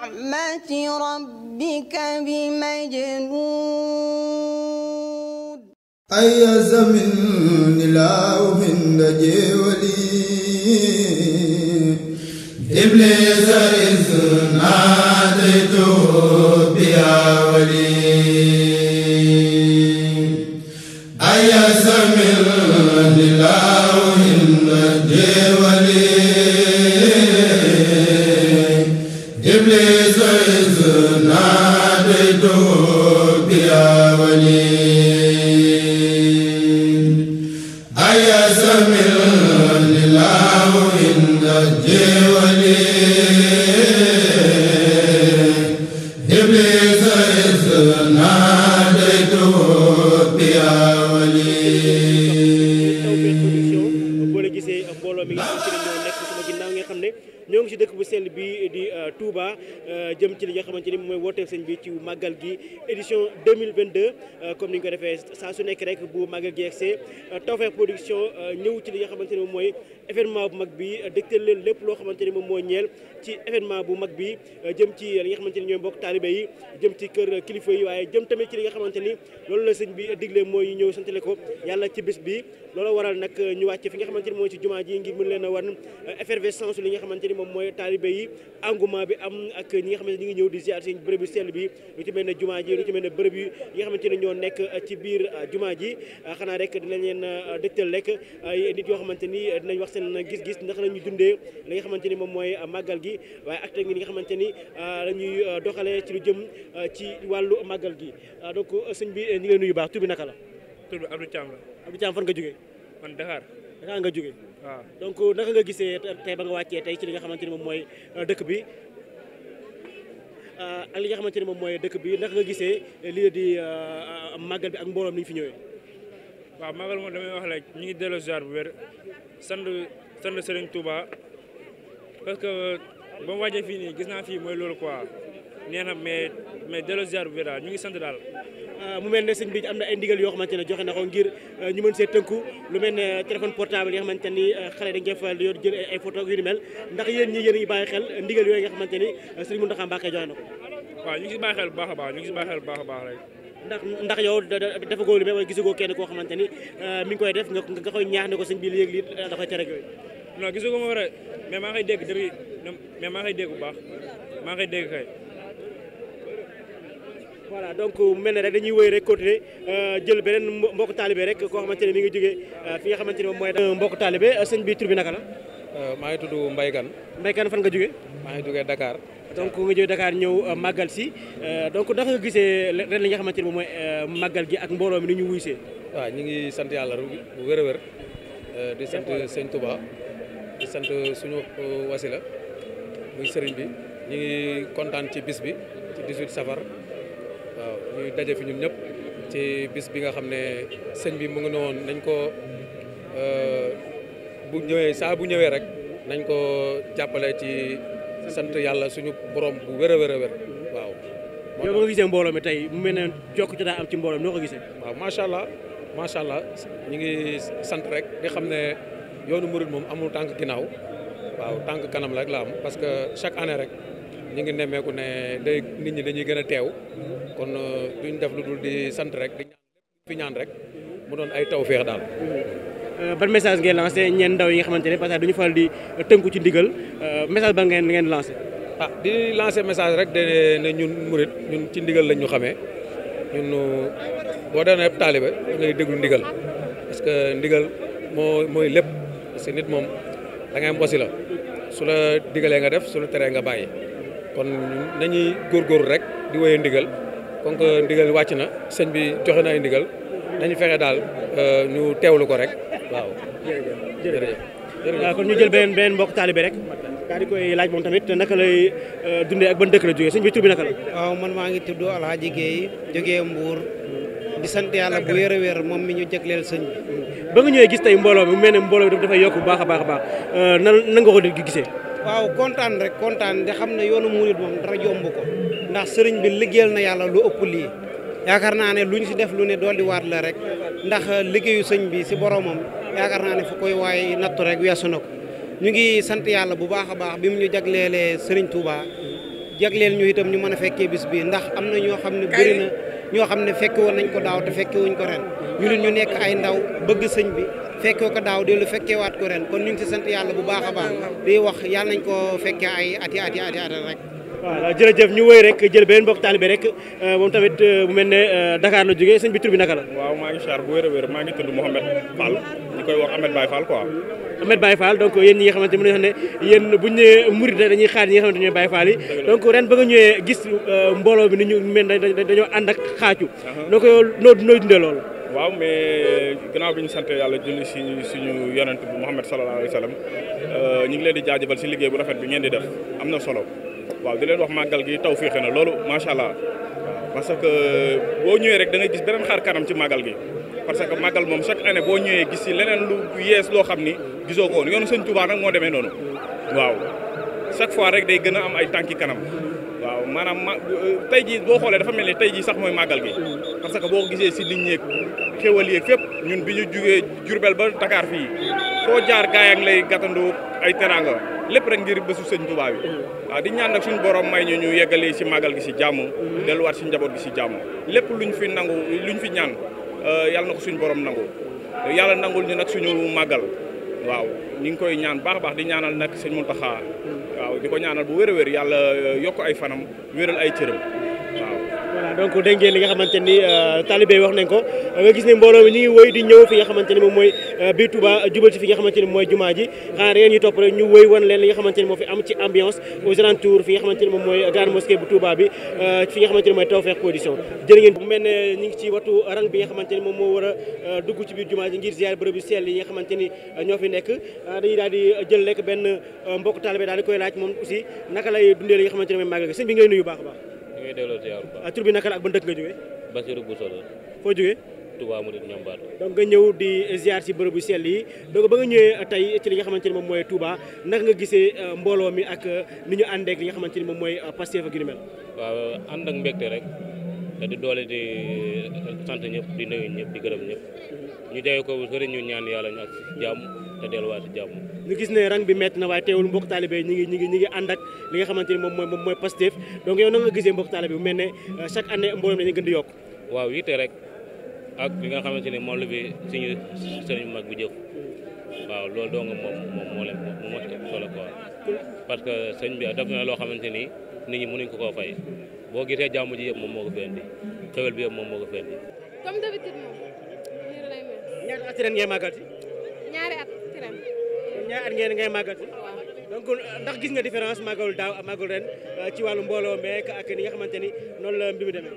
نعمة ربك بمجنون أي زمن لا من جولي إبليس إذ ناديته بيا ولي أي زمن لا من جولي na dëkk bu sell bi di euh, Touba euh, jëm ci li nga xamante ni mooy wooteef sëñ bi ci màggal gi édition 2022 euh, comme ni ñu ko defee saa su nekk rek bu màggal gi yegsee Tawfekh Production ñëw ci li nga xamante ni moom mooy événement bu mag bi leen lépp loo xamante ni moom mooy ñeel ci événement bu mag bi jëm ci li nga xamante ni ñooy mbokk taalibe yi jëm ci kër kilifa yi waaye jëm tamit ci li nga xamante ni loolu la sëñ bi digle mooy ñu ñëw santale ko yàlla ci bis bi loolu waral nag ñu wàcce fi nga xamante ni mooy ci jumaa ji ngir mën leen a wan euh, effervescence li nga xamante ni moom mooy taalibe yi engouement bi am ak ñi nga xamante ni ñu ngi ñëw di ziar seen bërëb yu sell bi lu ci mel ne jumaa ji lu ci mel nga xamante ni ñoo nekk euh, ci biir euh, jumaa ji xanaa rek dinañ leen dëgtal rek nit yoo xamante ni dinañ wax seen gis-gis ndax la ñuy dundee li nga xamante ni moom mooy màggal gi waaye acte ngi li nga xamante ni la ñuy doxalee ci lu jëm ci wàllu màggal gi donc sëñ bi ñu ngi lay nuyu baax tur bi naka la tur bi Abdou la Abdou Thiam fan nga jógee. man Dakar. Dakar nga jóge waaw donc naka nga gisee tey ba nga wàccee tey ci li nga xamante ne moom mooy euh, dëkk bi euh, li nga xamante ne moom mooy dëkk bi naka nga gisee euh, lii di màggal bi ak mbooloom ni fi ñëwee. waaw màggal moom damay wax rek ñu ngi delloo ziar bu wér sant sant Serigne Touba parce que ba mu wàccee fii nii gis naa fii mooy loolu quoi nee na mais mais delloo ziar bu wér daal ñu ngi sant daal. Euh, mu mel ne sëñ bi am na ay ndigal yoo xamante ne joxe na ko ngir euh, ñu mën see tënku lu mel ne euh, téléphone portable yi nga xamante ni xale dañ koy faral di yor jël ay photo yu ni mel ndax yéen ñi a ngi bàyyi xel joxe na ko waaw ñu ngi si baax a baax ñu ngi xel bu baax a baax rek ndax ndax yow defagoo lu mel wala gisagoo kenn koo xamante ni mi ngi koy def nga koy ñaax ne ko sëñ bi léegi lii dafay tere yooyu non gisagoo ma rek mais maa ngi koy dégg depuis mais maa ngi koy dégg bu baax maa koy dégg kay voilà donc mu euh, mel ne rek dañuy wëy rek continuer euh, jël beneen mbokk taalibe rek koo xamante ne mi ngi jógee euh, fi nga xamante ne moom mooy mbokk taalibe sëñ bi tur bi naka la maa ngi tudd Mbaye Kane Mbaye fan nga jógee maa ngi jógee dakaar donc nga jógee Dakar ñëw màggal si donc naka nga gisee ren li nga xamante ne moom mooy màggal gi ak mbooloo mi ni ñu see waaw ñu ngi sant yàlla bu wér a wér di sant sëñ Touba di sant suñu wasila muy sëriñ bi ñu ngi kontaan ci bis bi ci 18 safar ñuy daje fi ñun ñëpp ci bis bi nga xam ne sëñ bi mu ngi ne woon nañ ko euh, bu ñëwee saa bu ñëwee rek nañ ko jàppale ci sant yàlla suñu borom bu wér a wér a wér waaw. yow nga gisee mbooloo mi tey mu mel jokk ci daa am ci mbooloo mi noo ko gisee. waaw macha allah macha allah ñu ngi sant rek di xam ne yoonu murid moom amul tànk ginnaaw waaw tànk kanam rek la am parce que chaque année rek. ñu ngi nemmeeku ne day nit ñi dañuy gën a teew kon euh, duñ def lu dul di sant rek di ñaan lépp fi ñaan rek mu doon ay taw feex daal. Euh, ban message ngeen lancé ñeen ndaw yi xamante ne parce que duñu faral di euh, tënku ci ndigal message ba ngeen ngeen lancé. ah di lancé message rek de ne ñun murit ñun ci ndigal lañ ñu xamee ñun boo dee yëpp taalibe da ngay déglu ndigal parce ndigal moo mooy lépp parce nit moom da ngay mbosi la su la digalee nga def su la teree nga bàyyi. kon nañuy góor rek di wéyee ndigal kon que ndigal wàcc na sëñ bi joxe na ay ndigal nañu fexe daal euh, ñu teewlu ko rek waaw. jërëjëf jërëjëf kon ñu jël beneen beneen mbokk taalibe rek. daal di koy laaj moom tamit naka lay euh, dundee ak ban dëkk la jógee sëñ bi tur bi naka la. waaw man maa ngi tudd Alhaji Guèye jógee Mbour. di sant yàlla bu wér a wér moom mi ñu jagleel sëñ bi. ba nga ñëwee gis tey mbooloo mi mu mel ne mbooloo bi dafay yokk bu baax a baax a baax euh, nan nan nga ko gisee. waaw kontaan rek kontaan di xam ne yoonu murit moom dara yomb ko ndax sëriñ bi liggéeyal na yàlla lu ëpp lii yaakaar naa ne lu ñu si def lu ne dolli waat la rek ndax liggéeyu sëñ bi si boromam yaakaar naa ne fu koy waaye nattu rek weesu na ko ñu ngi sant yàlla bu baax a baax bi mu ñu jagleelee sëriñ Touba jagleel ñu itam ñu mën a fekkee bis bii ndax am na ñoo xam ne bëri na ñoo xam ne fekke woon nañ ko daaw te fekke wuñ ko ren ñu leen ñu nekk ay ndaw bëgg sëñ bi fekkee ko daaw dellu fekkee waat ko ren kon ñu ngi sant yàlla bu baax a baax di wax yàlla nañ ko fekkee ay ati ati ati ati rek voilà jërëjëf ñu wëy rek jël beneen mbokk taalibe rek euh, moom tamit bu euh, mel ne euh, Dakar na jógee sëñ bi tur bi naka la waaw maa ngi char bu wér a wér maa ngi tudd Mouhamed Fall ñu koy wax Ahmed Baye Fall quoi Ahmed Baye Fall donc yéen ñi nga xamante mën nañu ne yéen bu ñu nee dañuy xaar ñi nga xamante ñooy Baye Fall yi donc ren ba nga ñëwee gis mbooloo bi ni ñu mel dañoo ànd ak xaacu donc uh-huh. noo nooy dundee loolu waaw mais gannaaw bi ñu sant yàlla julli si suñu yonent bi Muhammad sallallahu alayhi wa sallam euh, ñu ngi leen di jaajëfal si liggéey bu rafet bi ngeen di def am na solo waaw di leen wax màggal gi taw féexe na loolu macha allah parce que euh, boo ñëwee rek da gis beneen xaar kanam ci màggal gi parce que màggal moom chaque année boo ñëwee gis si leneen lu yees loo xam ni gisoo ko woon yoonu sëñ Tuubaa nag moo demee noonu waaw chaque fois rek day gën a am ay tànki kanam. maanaam ma tey jii boo xoolee dafa mel ni tey jii sax mooy màggal bi parce que boo gisee si nit ñeeg xéwal yeeg fépp ñun bi ñu jugee Jurbel ba Dakar fii foo jaar gaay ak lay gàttandoo ay teraanga lépp rek ngir bésu sëñ Tuubaa bi waaw di ñaan nag suñu borom may ñu ñu yeggalee si màggal gi si jàmm delluwaat si njaboot gi si jàmm lépp lu luñ fi nangu ñu fi ñaan euh, yàlla na ko suñu borom nangu yàlla nangul ñu nag suñu màggal waaw ñu ngi koy ñaan baax baax di ñaanal nag sëñ Muntaxa di ko ñaanal bu wér wér yàlla yokk ay fanam wéral ay cëram voilà donc dégg ngeen li nga xamante ni euh, talibé wax nañ ko nga gis ne mbooloo mi ñu di ñëw fi nga xamante ni moom mooy euh, biir Touba jubal ci fi nga xamante mooy jumaa ji xanaa ngeen ñu topp rek leen li nga xamante ni moo fi am ci ambiance aux alentours moom mooy grande mosquée bu Touba bi euh, fi nga xamante ni mooy Tawfekh Production jërë ngeen bu mel ne ñu ci watu rang bi nga xamante moom moo war a dugg ci biir jumaa ji ngir ziar bërëb yu yi nga xamante ñoo fi nekk dañuy daal di jël lekk benn mbokk talibé daal koy laaj moom aussi naka lay dundee li nga xamante a ñu ngi delloo bu baax. Ah, bi naka la ak ban dëkk nga jógee. Basirou Bousso la. foo jógee. Touba Mouride Ñambaat. donc nga ñëw di ziar si bërëbu sell yi donc ba nga ñëwee euh, tey ci li nga xamante ni moom mooy Touba naka nga gisee euh, mbooloo mi ak euh, ni ñu àndeek li nga xamante ni moom mooy Pastef ak yu mel. waaw ànd ak mbégte rek te di doole di sant ñëpp di nuyu ñëpp di gërëm ñëpp mm-hmm. ñu jaay ko sori ñu ñaan yàlla ñu ak te delluwaat jàmm ñu gis ne rang bi métti na waaye teewul mbokk taalibe ñi ngi ngi ñi ngi ànd ak li nga xamante ni moom mooy moom mooy Pastef donc yow nan nga gisee mbokk taalibe bu mel ne euh, chaque année mbooloo mi dañuy gën di yokk waaw rek ak li nga xamante ni moom la bi suñu mag bi jëf waaw loolu dong moom moom moo leen moo moo solo quoi parce que sëñ bi def na loo xamante ni nit ñi mënuñ ko koo fay boo gisee jàmm ji yëpp moom moo ko fenn di xewel bi yëpp moom moo ko fenn di ñaar at ngeen ngay màggal donc ndax gis nga différence màggalu daaw ak màggalu ren euh, ci wàllu mbooloo meek ak ni nga xamante ni noonu la mbi demee.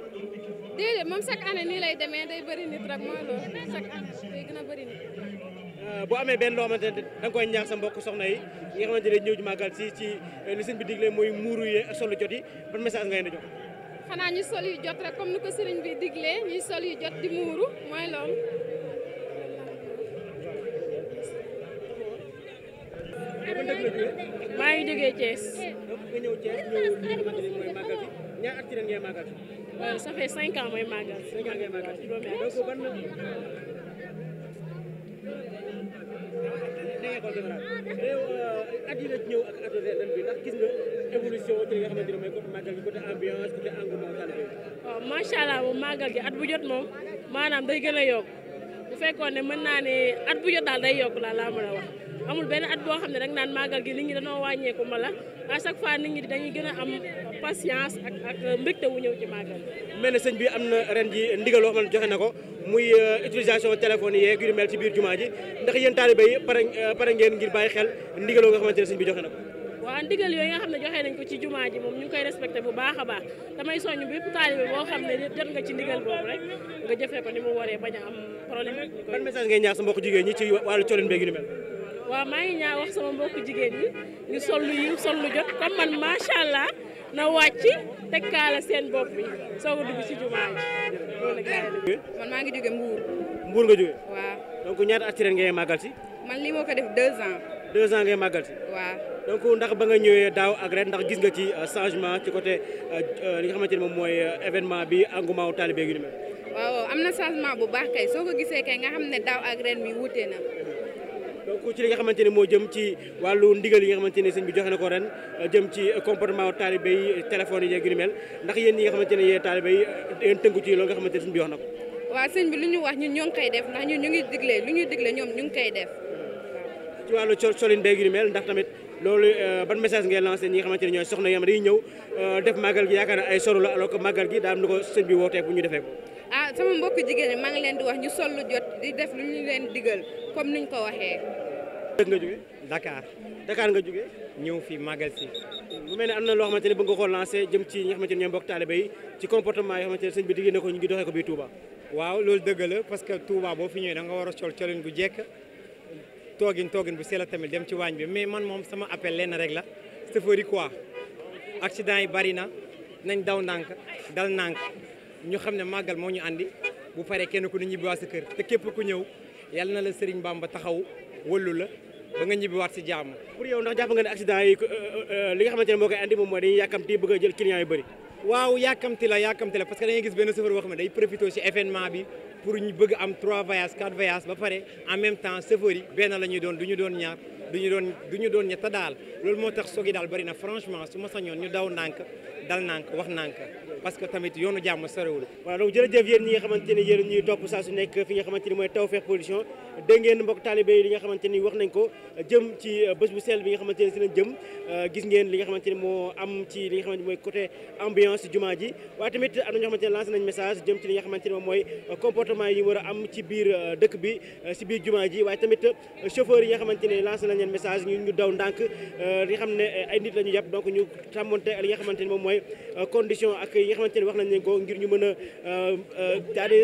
déedéet moom chaque année nii lay demee day bëri nit rek mooy loolu boo euh, amee benn loo xamante ne da nga koy ñaax sa mbokk soxna yi ñi nga xamante ne ñëw ju màggal si ci euh, li sëñ bi digle mooy muuru yi solu jot yi ban message nga leen di xanaa ñu sol yu jot rek comme ni ko sëriñ bi diglee ñuy sol yu jot di muuru maa ngi jógee Thiès. donc nga ñëw Thiès ñëw li nga xamante ne mooy màggal bi ñaar at ci ren ngay màggal. waaw ça fait cinq ans mooy màggal. cinq ans ngay màggal donc ban. Euh, at yi la ñëw ak at ren bi ndax gis nga évolution ci li nga xamante ne mooy côté màggal bi côté ambiance côté engouement tànn bi. waaw macha allah moom màggal gi at bu jot moom maanaam day gën a yokk bu fekkoon ne mën naa ne at bu jot daal day yokk laa laa mën a wax. amul benn at boo xam ne rek naan màggal gi nit ñi dañoo wàññeeku mala à chaque fois nit ñi dañuy gën a am patience ak ak ñëw ci màggal mel na sëñ bi am na ren ji ndigal loo xam joxe na ko muy euh, utilisation téléphone yeeg yu mel ci biir jumaa ndax yéen taalibe yi pare euh, pare ngeen ngir bàyyi xel ndigaloo nga xamante nga xam ne joxe nañ ko ci jumaa ji moom ñu ngi koy respecté bu baax a baax damay soññ bépp taalibe boo xam ne jot nga ci ndigal boobu rek nga jëfee ko ni mu waree bañ a am problème ban message ngay ñaax sa mbokk jigéen ñi ci wàllu colin beeg yu mel waaw maa ngi ñaa wax sama mbokku jigéen ñi ñu sol lu yiw sol lu jot comme man macha allah na wàcc teg kaala seen bopp bi soog a dugg ci jumaa ji man maa ngi jóge Mbour. Mbour nga jóge. waaw donc ñaata at ci ren màggal si. man lii moo def deux ans. deux ans ngay waaw donc ndax ba nga ñëwee daaw ak ren ndax gis nga ci euh, changement ci côté euh, euh, li nga xamante ne moom mooy événement bi engouement wu taalibe gi ni mel. waaw am na changement bu baax kay soo ko gisee kay nga xam ne daaw ak ren mi wuute na. donc ci li nga xamante ne moo jëm ci wàllu ndigal yi nga xamante ne sëñ bi joxe na ko ren euh, jëm ci euh, comportement taalibe yi euh, téléphone yi yeeg yu mel ndax yéen ñi nga yi nga xamante ne ñu wax ñun ñoo lu ñuy digle ñoom ñu ngi koy def ci wàllu solin beeg yu mel ndax tamit loolu ban message ngay lancé ñi nga xamante ne ñooy soxna yi am dañuy ñëw def màggal gi yaakaar ne ay solo la alors que màggal gi ni ko sëñ bi wootee bu ñu defee ko ah sama mbokk jigéen maa ngi leen di wax ñu sol lu jot di def lu ñu leen digal comme niñ ko waxee dëgg nga jógee Dakar Dakar nga jóge ñëw fii màggal si bu mel ne am na loo xamante ne bëgg nga koo lancé jëm ci ñi nga xamante ne ñoom bokk taalibe yi ci comportement yoo xamante ne sëñ bi diggee na ko ñu ngi doxee waaw loolu dëgg la parce que Touba boo fi ñëwee da nga war a sol colin gu jekk toogin toogin bu sell tamit dem ci waañ bi mais man moom sama appel lenn rek la chauffeur yi quoi accident yi bari na nañ daw ndànk dal ndànk ñu xam ne màggal moo ñu andi bu paree kenn ku ne ñibbi waa si kër te képp ku ñëw yàlla na la Serigne ba taxaw wëllu la ba nga ñibbiwaat si jàmm. pour yow ndax jàpp nga ne euh, euh, li nga xamante ne moo koy andi moom mooy dañuy yàkkamti bëgg a jël client yu bëri. waaw yàkkamti la yàkkamti la parce que dañuy gis benn chauffeur boo xam ne day profité si événement bi pour ñu bëgg am 3 voyages 4 voyages ba pare en même temps chauffeur yi benn la ñuy doon du ñu doon ñaar du ñu doon du ñu doon ñett daal loolu moo tax soog daal bëri na franchement su ma ñoon ñu daw ndànk dal nank wax nank parce que tamit yoonu jàmm sorewul voilà donc jërëjëf yéen ñi nga xamante ni yéen ñuy topp saa su nekk fi nga xamante mooy Tawfekh Production dégg ngeen mbokk taalibe yi li nga xamante ni wax nañ ko jëm ci bés bu sell bi nga xamante si lañ jëm gis ngeen li nga xamante ni moo li nga xamante mooy côté ji waaye tamit am na ñoo xamante nga xamante ni moom mooy comportement yi war a am ci biir dëkk bi si biir jumaa ji waaye tamit chauffeur yi nga xamante ni nañ message ñu daw ndànk li xam ne ay nit la ñu yàpp donc ñu tàmmonte li moom mooy mooy euh, condition ak yi nga xamante ni wax nañ leen ko ngir ñu mën a euh, euh, daal di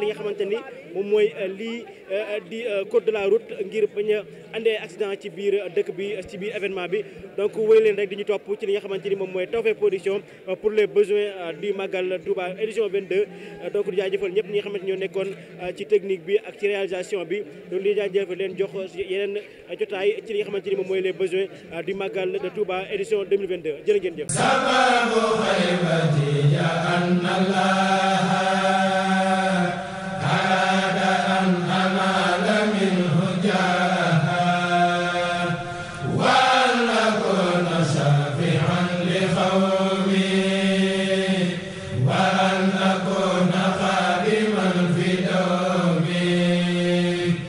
li nga xamante ni moom mooy lii di code de la route ngir bañ a andee accident ci biir dëkk bi ci biir événement bi donc wéy leen rek di ñu topp ci li nga xamante ni moom mooy Tawfekh Production pour les besoins du Magal Touba édition 22 donc di jaajëfal ñëpp ñi nga xamante ñoo nekkoon ci technique bi ak ci réalisation bi donc di jaajëfal leen jox yeneen jotaay ci li nga xamante ni moom mooy les besoins du Magal de Touba édition 2022 jërë ngeen jëf bu xaybati ja anna allah